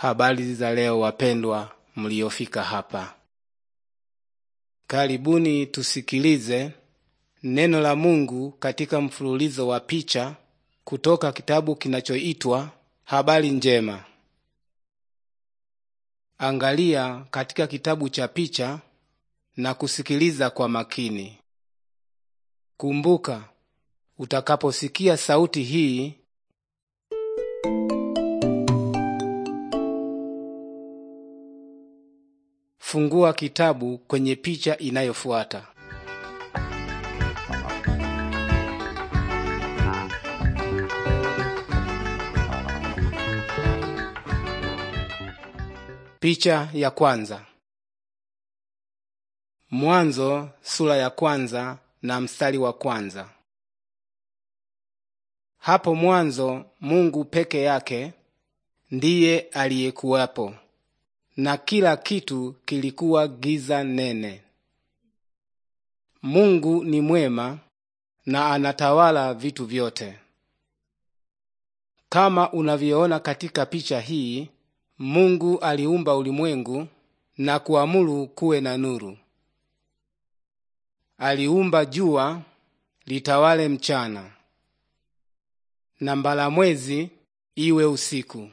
Habari za leo wapendwa mliofika hapa, karibuni tusikilize neno la Mungu katika mfululizo wa picha kutoka kitabu kinachoitwa Habari Njema. Angalia katika kitabu cha picha na kusikiliza kwa makini. Kumbuka, utakaposikia sauti hii Fungua kitabu kwenye picha inayofuata. Picha ya kwanza. Mwanzo sura ya kwanza na mstari wa kwanza. Hapo mwanzo Mungu peke yake ndiye aliyekuwapo na kila kitu kilikuwa giza nene. Mungu ni mwema na anatawala vitu vyote. Kama unavyoona katika picha hii, Mungu aliumba ulimwengu na kuamuru kuwe na nuru. Aliumba jua litawale mchana na mwezi iwe usiku.